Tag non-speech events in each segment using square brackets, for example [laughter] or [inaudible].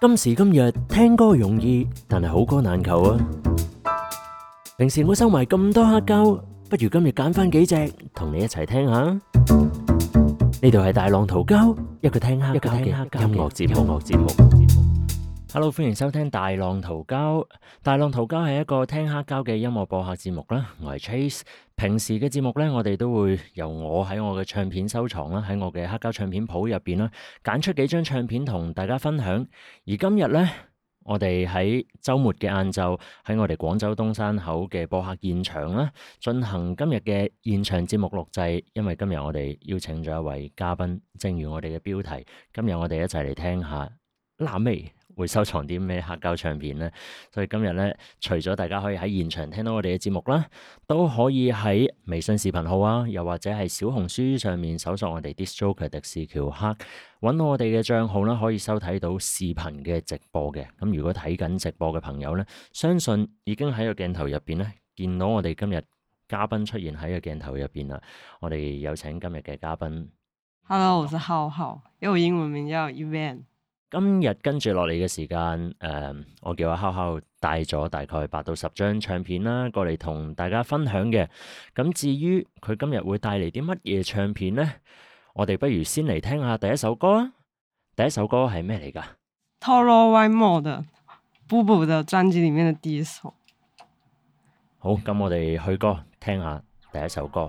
今時今日聽歌容易，但係好歌難求啊！平時我收埋咁多黑膠，不如今日揀翻幾隻同你一齊聽下。呢度係大浪淘膠，一個聽黑膠嘅音樂節目。hello，歡迎收聽大浪淘膠。大浪淘膠係一個聽黑膠嘅音樂播客節目啦。我係 Chase，平時嘅節目咧，我哋都會由我喺我嘅唱片收藏啦，喺我嘅黑膠唱片簿入邊啦，揀出幾張唱片同大家分享。而今日咧，我哋喺周末嘅晏晝喺我哋廣州東山口嘅播客現場啦，進行今日嘅現場節目錄製。因為今日我哋邀請咗一位嘉賓，正如我哋嘅標題，今日我哋一齊嚟聽下辣妹。會收藏啲咩黑膠唱片咧？所以今日咧，除咗大家可以喺現場聽到我哋嘅節目啦，都可以喺微信視頻號啊，又或者係小紅書上面搜索我哋的 Disc Joker 迪斯喬克，揾到我哋嘅賬號啦，可以收睇到視頻嘅直播嘅。咁如果睇緊直播嘅朋友咧，相信已經喺個鏡頭入邊咧見到我哋今日嘉賓出現喺個鏡頭入邊啦。我哋有請今日嘅嘉賓。Hello，我是浩浩，因為我英文名叫 Yvaine。今日跟住落嚟嘅時間，誒、嗯，我叫阿皓皓帶咗大概八到十張唱片啦，過嚟同大家分享嘅。咁至於佢今日會帶嚟啲乜嘢唱片咧，我哋不如先嚟聽下第一首歌啦。第一首歌係咩嚟噶？Toro Y Moi 的 Boo Boo 的專輯裏面的第一首。好，咁我哋去歌聽下第一首歌。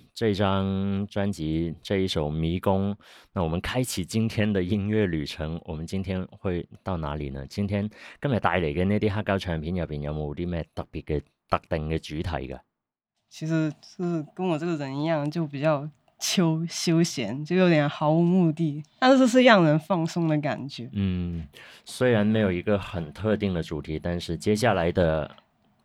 這張專輯這一首《迷宮》，那我們開啟今天的音樂旅程。我們今天會到哪裏呢？今天今日帶嚟嘅呢啲黑膠唱片入邊有冇啲咩特別嘅特定嘅主題噶？其實就是跟我這個人一樣，就比較 Chill、休閒，就有點毫無目的，但是這是讓人放鬆的感覺。嗯，雖然沒有一個很特定的主題，但是接下來的。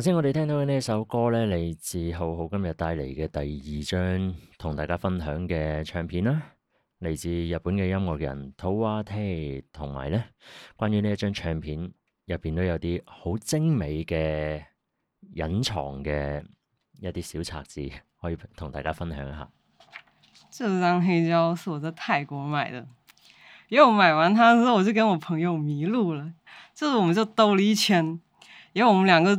頭先我哋聽到嘅呢一首歌咧，嚟自浩浩今日帶嚟嘅第二張同大家分享嘅唱片啦，嚟自日本嘅音樂人 Towa Tei，同埋咧關於呢一張唱片入邊都有啲好精美嘅隱藏嘅一啲小冊子，可以同大家分享一下。這張黑膠係我在泰國買嘅，因為我買完它之後我就跟我朋友迷路了，就是我們就兜了一圈，因為我們兩個。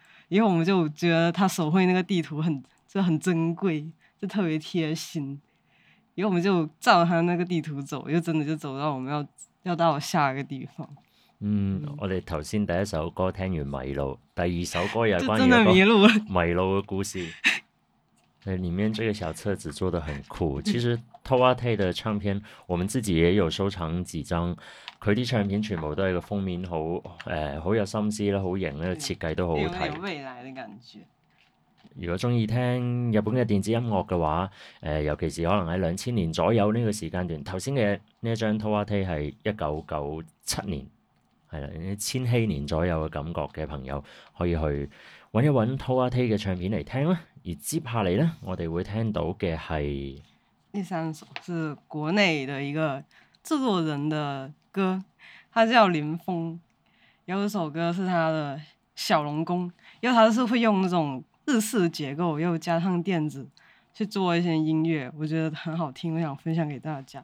因為我們就覺得他手繪那個地圖很就很珍貴，就特別貼心。因為我們就照他那個地圖走，又真的就走到我們要要到下一個地方。嗯，嗯我哋頭先第一首歌聽完迷路，第二首歌又關於一個迷路嘅故事。 [laughs] 誒，裏面這個小冊子做得很酷。其實 Towa Tei 的唱片，我們自己也有收藏幾張。佢啲唱片全部都係個封面好，誒、呃，好有心思啦，好型啦，設計都好好睇。如果鍾意聽日本嘅電子音樂嘅話，誒、呃，尤其是可能喺兩千年左右呢個時間段，頭先嘅呢一張 Towa Tei 係一九九七年，係啦，千禧年左右嘅感覺嘅朋友，可以去搵一搵 Towa Tei 嘅唱片嚟聽啦。而接下嚟呢，我哋會聽到嘅係第三首，是國內嘅一個製作人的歌，他叫林峰。有一首歌係他的《小龍宮》，因為他是會用那種日式結構，又加上電子去做一些音樂，我覺得很好聽，我想分享給大家。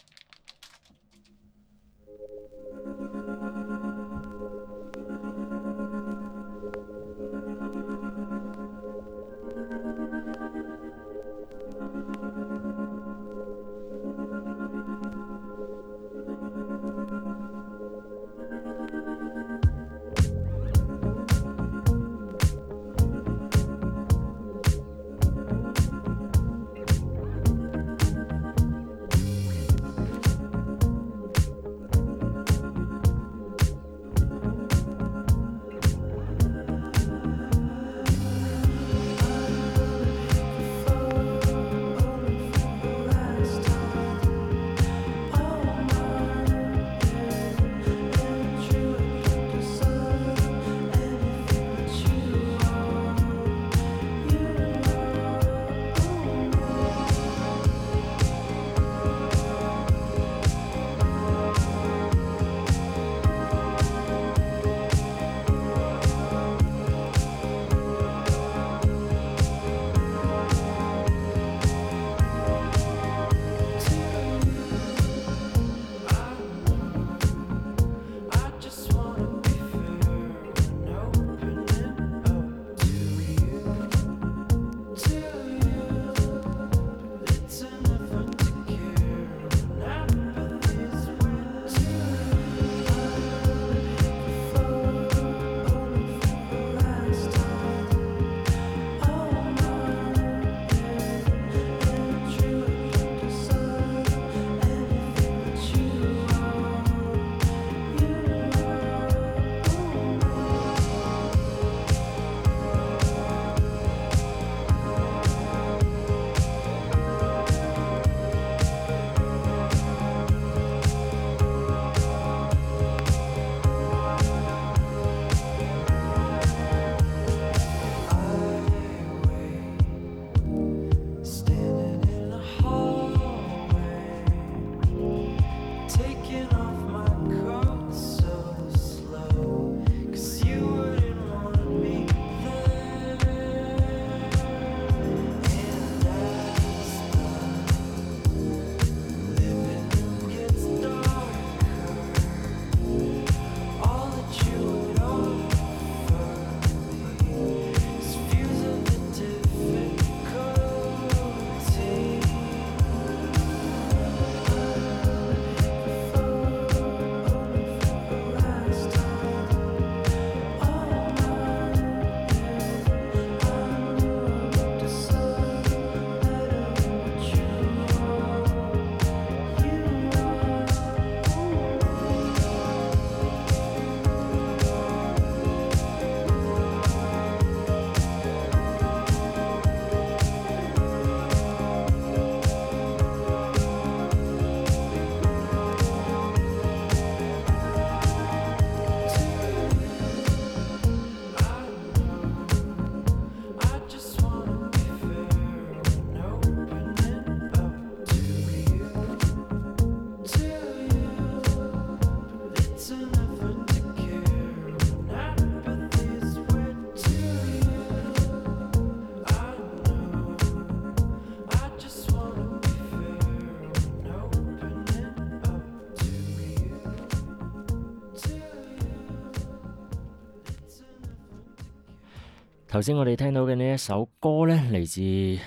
頭先我哋聽到嘅呢一首歌咧，嚟自一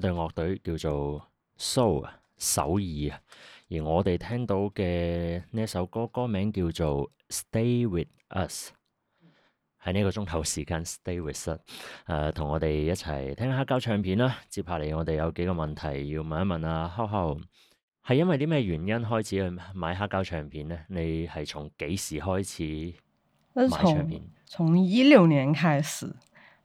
隊樂隊叫做 Seoul 啊，首爾啊。而我哋聽到嘅呢一首歌，歌名叫做《Stay with Us》，喺呢個鐘頭時間《Stay with Us》，呃。誒，同我哋一齊聽黑膠唱片啦。接下嚟我哋有幾個問題要問一問啊，皓皓，係因為啲咩原因開始去買黑膠唱片呢？你係從幾時開始買唱片？從一六年開始。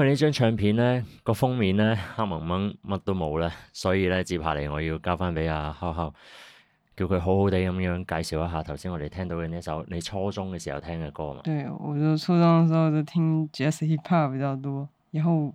因為呢張唱片呢個封面呢，黑蒙蒙乜都冇咧，所以呢，接下嚟我要交翻俾阿皓皓，叫佢好好地咁樣介紹一下頭先我哋聽到嘅呢首你初中嘅時候聽嘅歌嘛。對，我就初中嘅時候就聽 Jazz Hip Hop 比較多，然後。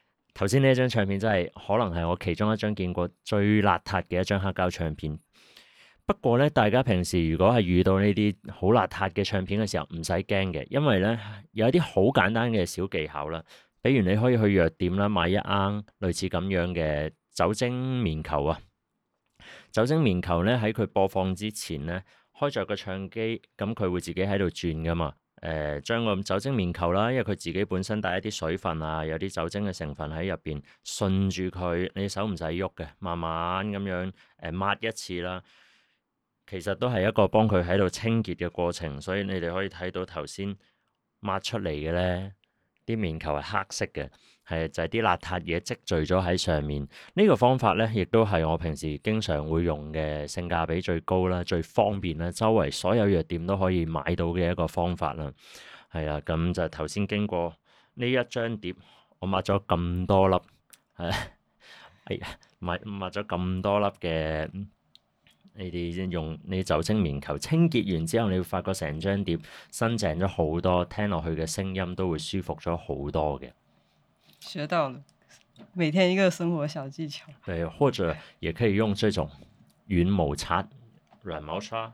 頭先呢張唱片真係可能係我其中一張見過最邋遢嘅一張黑膠唱片。不過咧，大家平時如果係遇到呢啲好邋遢嘅唱片嘅時候，唔使驚嘅，因為咧有一啲好簡單嘅小技巧啦。比如你可以去藥店啦，買一罌類似咁樣嘅酒精棉球啊。酒精棉球咧，喺佢播放之前咧，開着個唱機，咁佢會自己喺度轉噶嘛。誒、呃、將個酒精棉球啦，因為佢自己本身帶一啲水分啊，有啲酒精嘅成分喺入邊，順住佢，你手唔使喐嘅，慢慢咁樣誒抹、呃、一次啦，其實都係一個幫佢喺度清潔嘅過程，所以你哋可以睇到頭先抹出嚟嘅呢啲棉球係黑色嘅。係，就係啲邋遢嘢積聚咗喺上面，呢個方法咧，亦都係我平時經常會用嘅，性價比最高啦，最方便啦，周圍所有藥店都可以買到嘅一個方法啦。係啊，咁就頭先經過呢一張碟，我抹咗咁多粒，係啊，抹抹咗咁多粒嘅，你哋先用你酒精棉球清潔完之後，你會發覺成張碟新淨咗好多，聽落去嘅聲音都會舒服咗好多嘅。學到了，每天一個生活小技巧。對，或者也可以用這種云軟毛刷，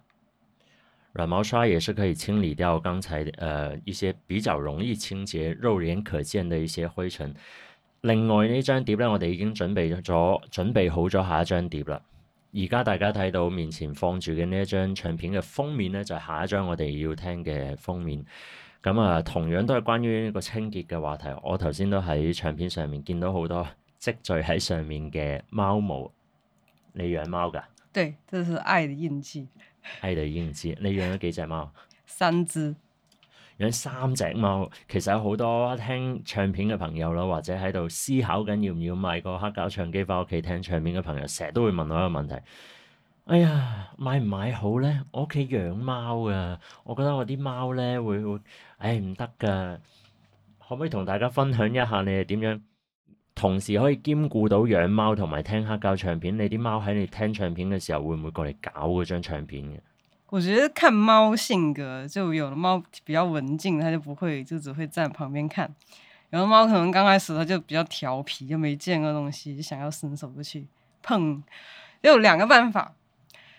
軟毛刷也是可以清理掉剛才，呃，一些比較容易清潔、肉眼可見的一些灰塵。另外呢，張碟咧，我哋已經準備咗，準備好咗下一張碟啦。而家大家睇到面前放住嘅呢一張唱片嘅封面咧，就係下一張我哋要聽嘅封面。咁啊，同樣都係關於呢個清潔嘅話題。我頭先都喺唱片上面見到好多積聚喺上面嘅貓毛。你養貓㗎？對，這是愛的印記。愛的印記，你養咗幾隻貓？三隻。養三隻貓，其實有好多聽唱片嘅朋友啦，或者喺度思考緊要唔要買個黑膠唱機翻屋企聽唱片嘅朋友，成日都會問我一個問題。哎呀，買唔買好呢？我屋企養貓啊。我覺得我啲貓呢會會，哎，唔得噶。可唔可以同大家分享一下你哋點樣，同時可以兼顧到養貓同埋聽黑膠唱片？你啲貓喺你聽唱片嘅時候，會唔會過嚟搞嗰張唱片？我覺得看貓性格，就有的貓比較文靜，它就不會，就只會站旁邊看，有的貓可能剛開始它就比較調皮，又沒見過東西，就想要伸手就去碰。又有兩個辦法。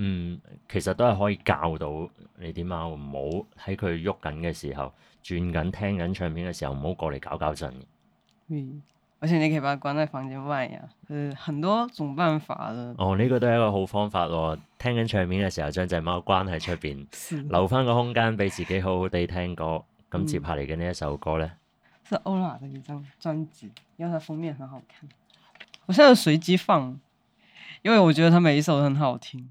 嗯，其實都係可以教到你啲貓唔好喺佢喐緊嘅時候，轉緊聽緊唱片嘅時候，唔好過嚟搞搞震。嗯，而且你可以把佢關在房間外啊，誒，很多種辦法啦。哦，呢、這個都係一個好方法喎、哦！聽緊唱片嘅時候，將隻貓關喺出邊，留翻個空間俾自己好好地聽歌。咁、嗯、接下嚟嘅呢一首歌咧，即係 Onra 嘅一張專輯，因為佢封面很好看。我現在隨機放，因為我覺得佢每一首都很好聽。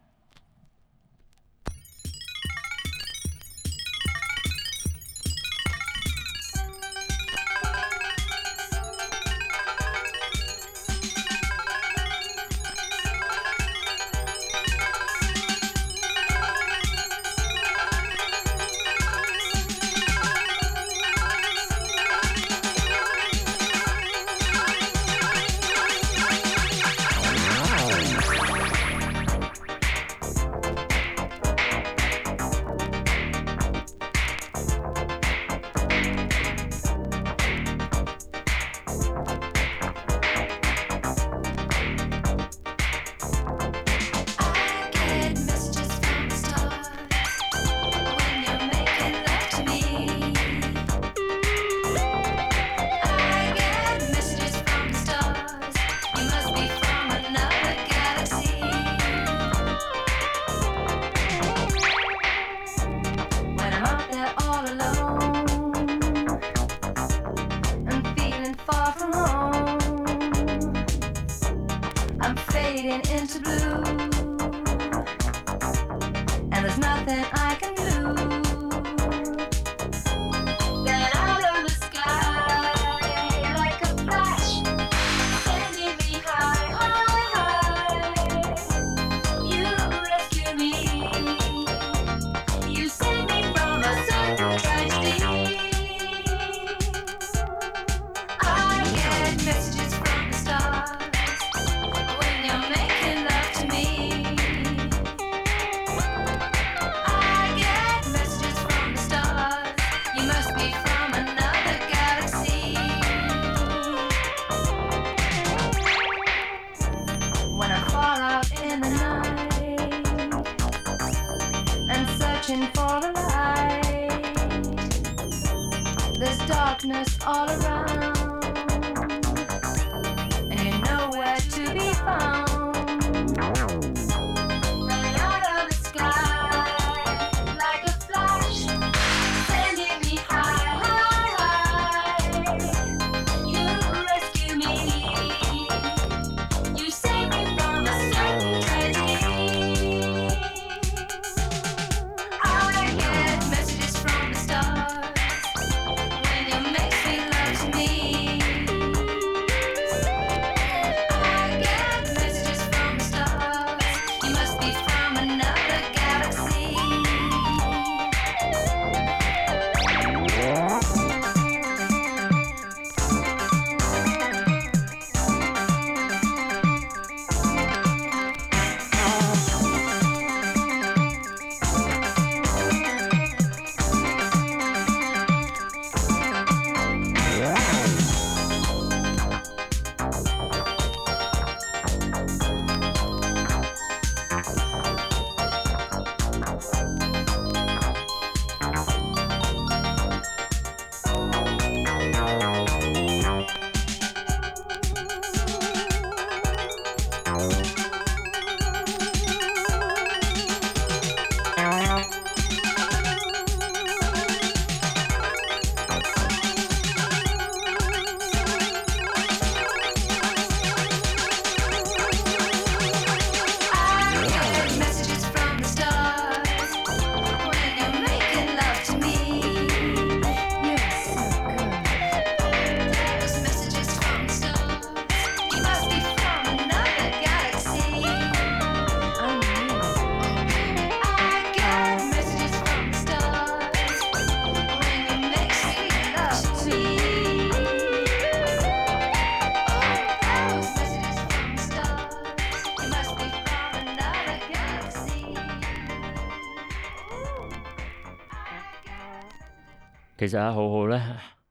其實阿、啊、好好咧，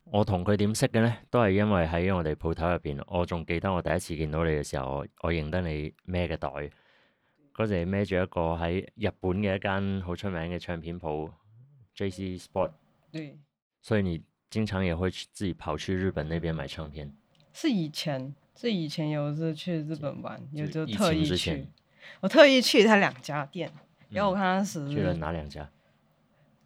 我同佢點識嘅咧，都係因為喺我哋鋪頭入邊，我仲記得我第一次見到你嘅時候，我我認得你孭嘅袋，嗰陣你孭住一個喺日本嘅一間好出名嘅唱片鋪 JC Sport。嗯，所以你經常也會去自己跑去日本那邊買唱片？是以前，是以前有次去日本玩，有就特意去，前之前我特意去睇兩家店，要、嗯、我看看是去了哪兩家。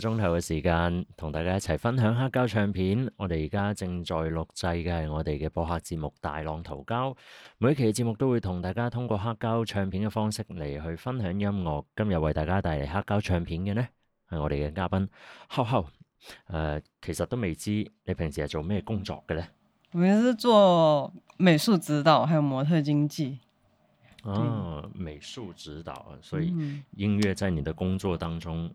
鐘頭嘅時間，同大家一齊分享黑膠唱片。我哋而家正在錄製嘅係我哋嘅播客節目《大浪淘膠》，每期節目都會同大家通過黑膠唱片嘅方式嚟去分享音樂。今日為大家帶嚟黑膠唱片嘅呢，係我哋嘅嘉賓，皓皓。誒、呃，其實都未知你平時係做咩工作嘅呢？我平時做美術指導，還有模特經紀。哦、啊，美術指導，所以音樂在你的工作當中，嗯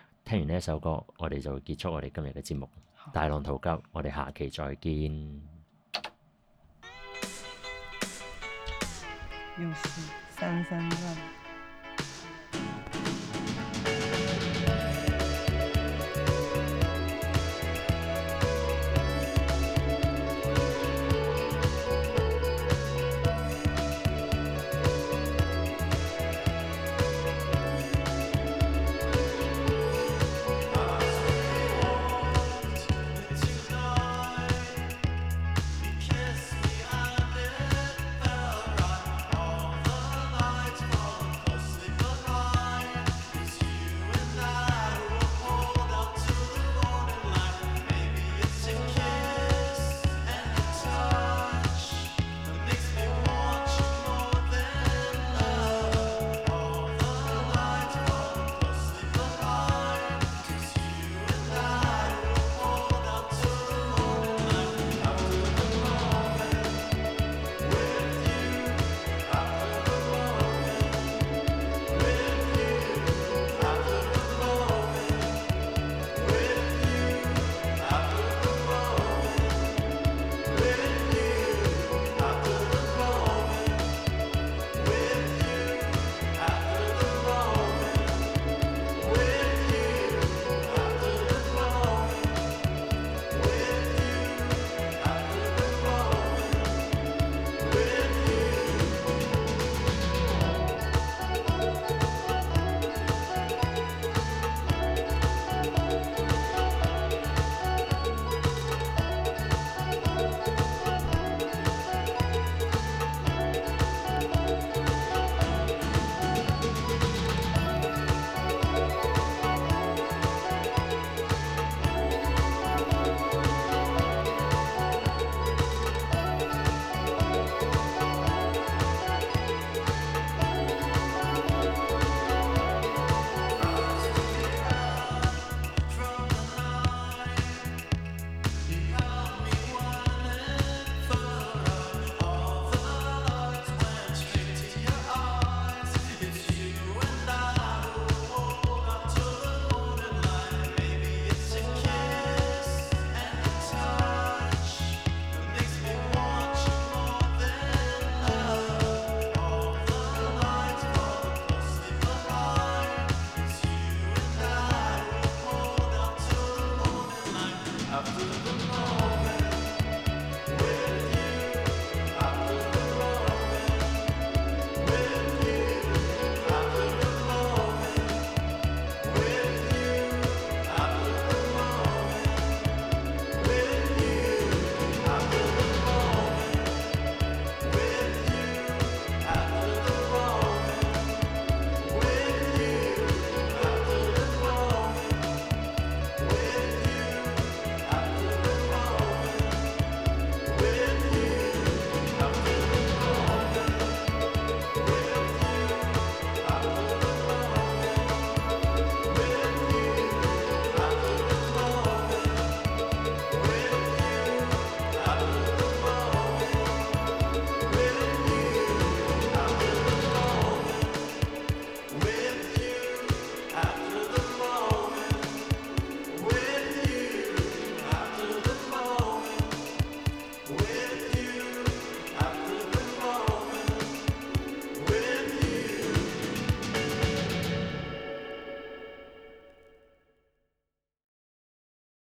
聽完呢一首歌，我哋就結束我哋今日嘅節目。大浪淘金，我哋下期再見。又是三三